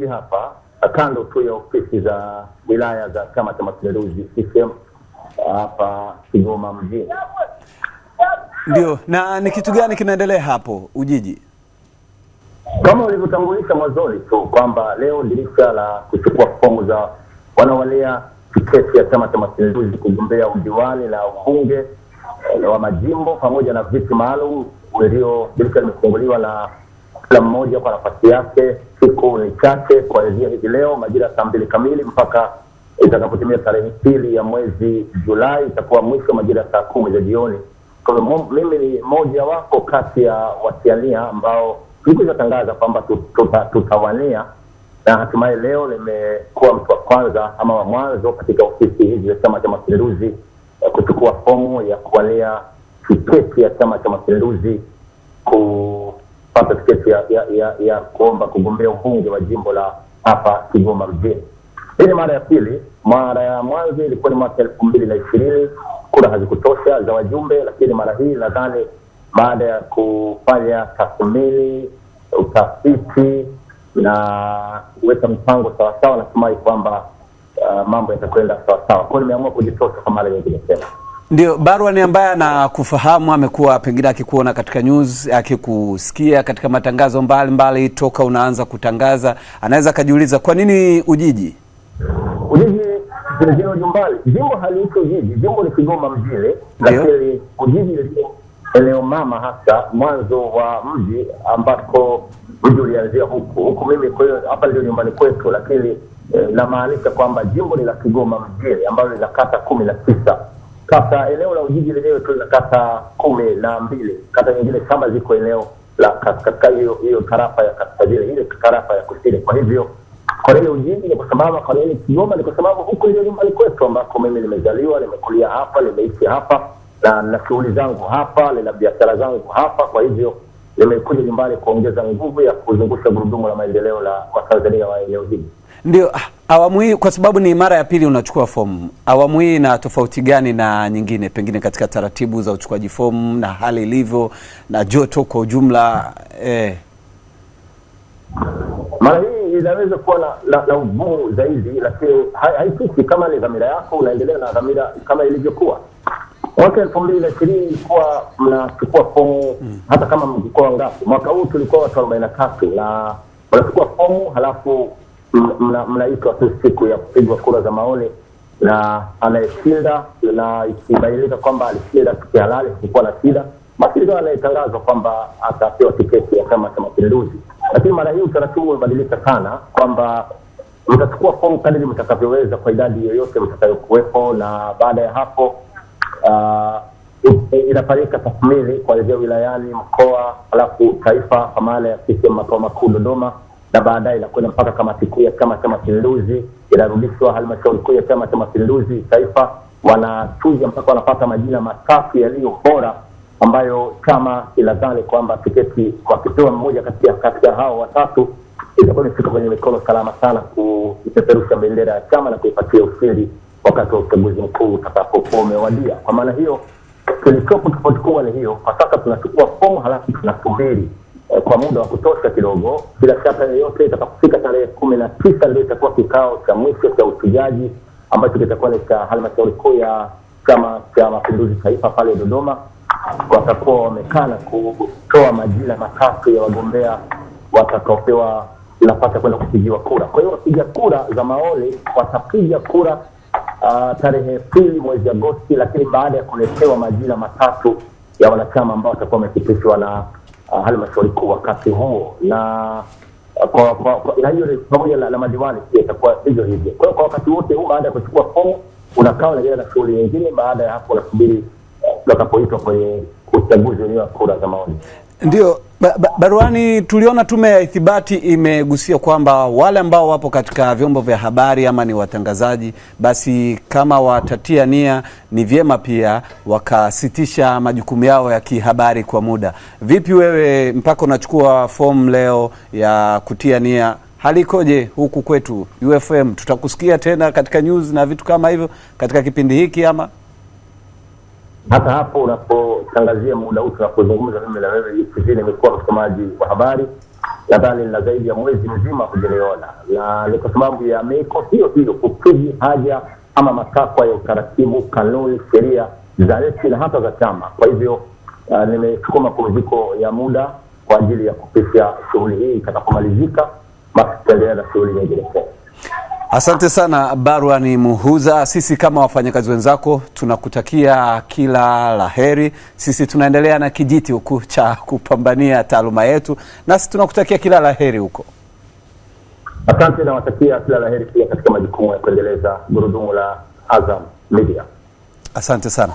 hivi hapa kando tu ya ofisi za wilaya za Chama cha Mapinduzi CCM hapa Kigoma mjini. Ndio. Na ni kitu gani kinaendelea hapo Ujiji? Kama ulivyotangulisha mwanzoni tu kwamba leo dirisha la kuchukua fomu za wanawalea tiketi ya Chama cha Mapinduzi kugombea udiwani la ubunge eh, wa majimbo pamoja na viti maalum, ndio dirisha limefunguliwa na kila mmoja kwa nafasi yake. Siku ni chache kuanzia hivi leo majira ya saa mbili kamili mpaka itakapotimia tarehe pili ya mwezi Julai, itakuwa mwisho majira ya saa kumi za jioni. Kwa hiyo mimi ni mmoja wako kati ya watiania ambao tulikwisha tangaza kwamba tutawania na hatimaye leo nimekuwa mtu wa kwanza ama wa mwanzo katika ofisi hizi za Chama cha Mapinduzi kuchukua fomu ya kuwania tiketi ya Chama cha Mapinduzi ku kupata tiketi ya, ya, ya, ya kuomba kugombea ubunge wa jimbo la hapa Kigoma mjini. Hii ni mara ya pili. Mara ya mwanzo ilikuwa ni mwaka elfu mbili na ishirini kura hazikutosha za wajumbe, lakini mara hii nadhani baada ya kufanya tathmini, utafiti na kuweka mpango sawasawa, natumai kwamba uh, mambo yatakwenda sawasawa. Kwa hiyo nimeamua kujitosha kwa mara nyingine tena. Ndio, Barwan ambaye anakufahamu amekuwa pengine akikuona katika news, akikusikia katika matangazo mbalimbali mbali, toka unaanza kutangaza anaweza akajiuliza kwa nini Ujiji? Ujiji vilevile ujumbali, jimbo haliitwi Ujiji, jimbo ni Kigoma Mjini, lakini Ujiji ndio eneo mama hasa mwanzo wa mji ambako mji ulianzia huku huku. Mimi kwa hiyo hapa ndio nyumbani kwetu, lakini eh, namaanisha kwamba jimbo ni la Kigoma Mjini ambalo ni la kata kumi na tisa sasa eneo la Ujiji lenyewe tu lina kata kumi na mbili, kata nyingine saba ziko eneo la katika hiyo hiyo tarafa ya kaskazini, ile tarafa ya kusini. Kwa hivyo kwa nini Ujiji ni kwa sababu, kwa nini Kigoma ni kwa sababu huko ndio nyumbani kwetu ambako mimi nimezaliwa, nimekulia hapa, nimeishi hapa na na shughuli zangu hapa, nina biashara zangu hapa. Kwa hivyo nimekuja nyumbani kuongeza nguvu ya kuzungusha gurudumu la maendeleo la Watanzania wa eneo hili ndio ah, Awamu hii kwa sababu ni mara ya pili unachukua fomu, awamu hii ina tofauti gani na nyingine, pengine katika taratibu za uchukuaji fomu na hali ilivyo na joto kwa ujumla? Eh, mara hii inaweza kuwa na, na, na uvumu zaidi, lakini haifiki kama ni dhamira yako, unaendelea na dhamira kama ilivyokuwa mwaka elfu mbili na ishirini ilikuwa mnachukua fomu mm. hata kama mlikuwa wangapi. Mwaka huu tulikuwa watu arobaini na tatu na wanachukua fomu halafu mnaitwa tu siku ya kupigwa kura za maoni, na anayeshinda na ikibainika kwamba alishinda kihalali, kulikuwa na shida, basi ndio anayetangazwa kwamba atapewa tiketi ya Chama cha Mapinduzi. Lakini mara hii utaratibu umebadilika sana kwamba mtachukua fomu kadiri mtakavyoweza kwa idadi yoyote mtakayokuwepo, na baada ya hapo uh, inafanyika tathmini kuanzia wilayani, mkoa, halafu taifa, kwa maana ya sisi makao makuu Dodoma na baadaye inakwenda mpaka kamati kuu ya Chama cha Mapinduzi, inarudishwa halmashauri kuu ya Chama cha Mapinduzi taifa, wanachuja mpaka wanapata majina matatu yaliyo bora ambayo chama kinadhani kwamba tiketi wakipewa mmoja kati ya kati ya hao watatu itakuwa imefika kwenye mikono salama sana kuipeperusha bendera ya chama na kuipatia ushindi wakati wa uchaguzi mkuu utakapokuwa umewadia. Kwa maana hiyo, kilichopo tofauti kubwa ni hiyo. Kwa sasa tunachukua fomu halafu tunasubiri Eh, kwa muda wa kutosha kidogo. Bila shaka yoyote, itakapofika tarehe kumi na tisa ndio itakuwa kikao cha mwisho cha uchujaji ambacho kitakuwa ni cha halmashauri kuu ya Chama cha Mapinduzi Taifa pale Dodoma. Watakuwa wamekaa kutoa majina matatu ya wagombea watakaopewa nafasi ya kwenda kupigiwa kura. Kwa hiyo wapiga kura za maoni watapiga kura uh, tarehe pili mwezi Agosti, lakini baada ya kuletewa majina matatu ya wanachama ambao watakuwa wamepitishwa na Ah, halmashauri kuu wakati huo na ah, hiyo pamoja na, na madiwani pia itakuwa hivyo hivyo. Kwa hiyo kwa wakati wote huu, baada ya kuchukua fomu unakaa unaendelea na shughuli nyingine. Baada ya hapo unasubiri eh, utakapoitwa kwenye uchaguzi wenyewe wa kura za maoni. Ndio ba, ba, baruani tuliona tume ya ithibati imegusia kwamba wale ambao wapo katika vyombo vya habari ama ni watangazaji, basi kama watatia nia, ni vyema pia wakasitisha majukumu yao ya kihabari kwa muda. Vipi wewe, mpaka unachukua fomu leo ya kutia nia, hali ikoje huku kwetu UFM? Tutakusikia tena katika news na vitu kama hivyo katika kipindi hiki ama hata hapo unapo nikutangazia muda huu tunapozungumza, mimi na wewe Kusini imekuwa msomaji wa habari nadhani na zaidi ya mwezi mzima kujiliona, na ni kwa sababu ya meko hiyo hiyo, kukidhi haja ama matakwa ya utaratibu, kanuni, sheria za nchi na hata za chama. Kwa hivyo uh, nimechukua mapumziko ya muda kwa ajili ya kupisha shughuli hii itakapomalizika, basi tutaendelea na shughuli nyingine. Asante sana barwani Muhuza. Sisi kama wafanyakazi wenzako tunakutakia kila laheri. Sisi tunaendelea na kijiti huku cha kupambania taaluma yetu, nasi tunakutakia kila laheri huko. Asante, nawatakia kila laheri pia katika majukumu ya kuendeleza gurudumu la Azam Media. Asante sana.